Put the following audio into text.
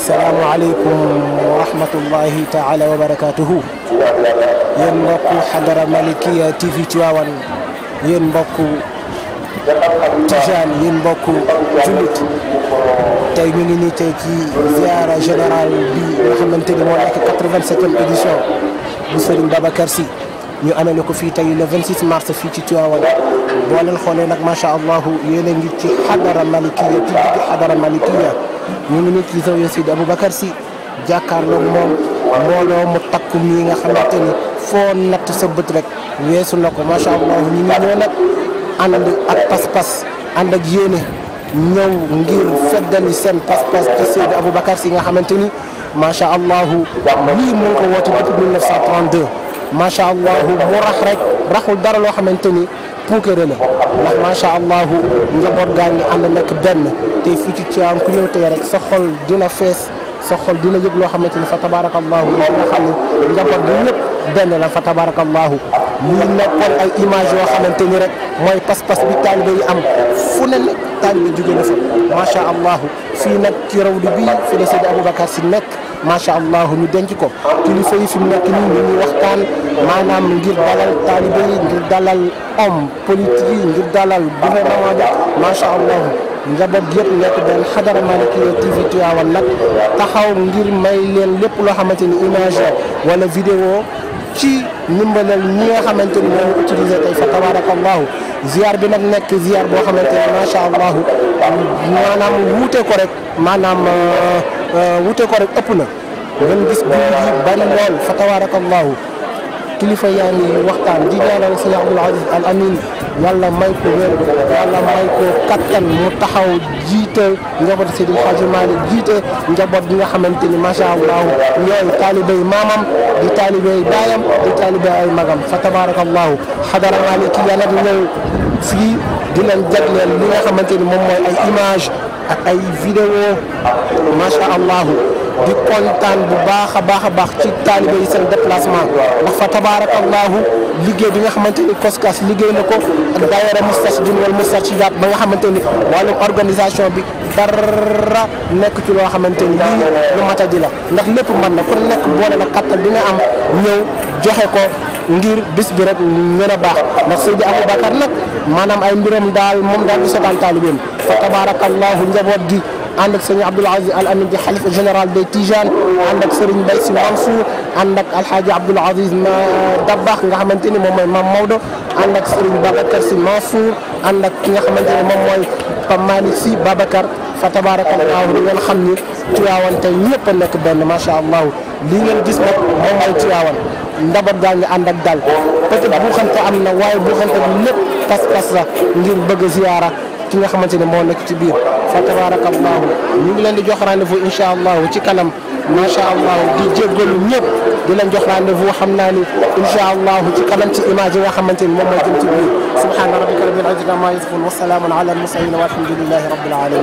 السلام عليكم ورحمة الله تعالى وبركاته ينبقوا حضر ملكية تيفي تواوان ينبقوا تجان ينبقوا جلت تايميني تيكي زيارة جنرال بي محمد تيلي مولاك 87 اديشن بسرين بابا كارسي ñu انا ko في tay le 26 mars fi ci tiawal bo len xolé nak ma sha Allah yeleng ci hadara malikiyya ñu ngi nii ci zawiya Seydi Aboubacar Sy jàkkaarloog moom mbooloo mu takku mii nga xamante ni foo natt sa bët na ko macha allah ñu ngi ñëw nag ànd ak pas-pas ànd ak yéene ñëw ngir feddali seen pas-pas ci Seydi Aboubacar Sy nga xamante ni macha allah lii mu ngi ko woote depuis 1932 allah mu rax rek raxul dara loo xamante puukare la ndax macha allah njaboot gaa ngi ànd nekk benn tey fii ci Tiwaawan ku ñëw tey rek sa xol dina fees sa xol dina yëg loo xamante ni fa tabarakallahu li nga xam ne njaboot gi ñëpp benn la fa tabarakallahu muy nekkoon ay image yoo xamante ni rek mooy pas-pas bi taalibe yi am fu ne nag taalibe jóge na fa macha allah fii nag ci raw di bii fi la Seydi Aboubacar Si nekk macha allah ñu denc ko kilifa yi fi mu nekk nii ñu ngi waxtaan maanaam ngir dalal taalibe yi ngir dalal homme politique yi ngir dalal gouvernement bi macha allah njaboot yëpp nekk benn xadara Malikia TV Tiwaawan nag taxaw ngir may leen lépp loo xamante ni image wala vidéo ci ndimbalal ñi nga xamante ni moom utilisé tey fa tabarakallahu ziar bi nag nekk ziar boo xamante ni macha allah maanaam wuute ko rek maanaam. wute ko rek ëpp na ngeen gis bu bari lool fa tawarak allah kilifa yaani waxtaan di ñaanal sëñ Abdoul Aziz Al Amin yàlla may ko wér yàlla may ko katan mu taxaw jité njaboot Seydi El malik jité jiite njaboot gi nga xamanteni ma sha allah ñooy taalibéy mamam di taalibéy dayam di taalibéy ay magam fa allah hadara Malick yàlla di ñëw fii di leen jagleel li nga xamanteni mom moy ay image ak ay vidéo macha allah di kontaan bu baax a baax a baax ci taalibe yi seen déplacement ndax fa tabarakallahu liggéey bi nga xamante ni COSCAS liggéey na ko ak daayira Moustarchidine wal Moustarchidaat ba nga xamante ni wàllum organisation bi dara nekk ci loo xamante ni lii lu matadi la ndax lépp man na ku nekk boole na kattan dina am ñëw joxe ko ngir bis bi rek mën a baax ndax Seydi Aboubacar nag maanaam ay mbiram daal moom daal di setaan taalibeem fa tabarakallahu njaboot gi ànd ak sëriñ Abdoul Aziz Al Amin di xalif général des Tijanes ànd ak sëriñ Mbaye Sy Mansour ànd ak alxaaji Abdoul Aziz ma Dabakh nga xamante ni moom mooy Mam Maodo ànd ak sëriñ Babacar Sy Mansour ànd ak ki nga xamante ni moom mooy Pape Malick Sy Babacar fa tabarakallahu ngeen xam ni Tiwaawan tey ñëpp a nekk benn macha allah. lii ngeen gis nag moom mooy Tiwaawan ndabat ak dal parce que am na waaye bu xam te bi lépp pas-pas la ngir bëgg ziyaara ki nga xamante ne moo nekk ci biir fa tabaraka allahu ñu ngi leen di jox rendez-vous incha allahu ci kanam macha allahu di jéggalu ñëpp di leen jox rendez-vous xam naa ni incha allahu ci kanam ci image yi nga xamante ni moom mooy jëm ci biir subhana rabbika rabbil izzati amma yasifun wa salaamun ala al mursalin walhamdulillahi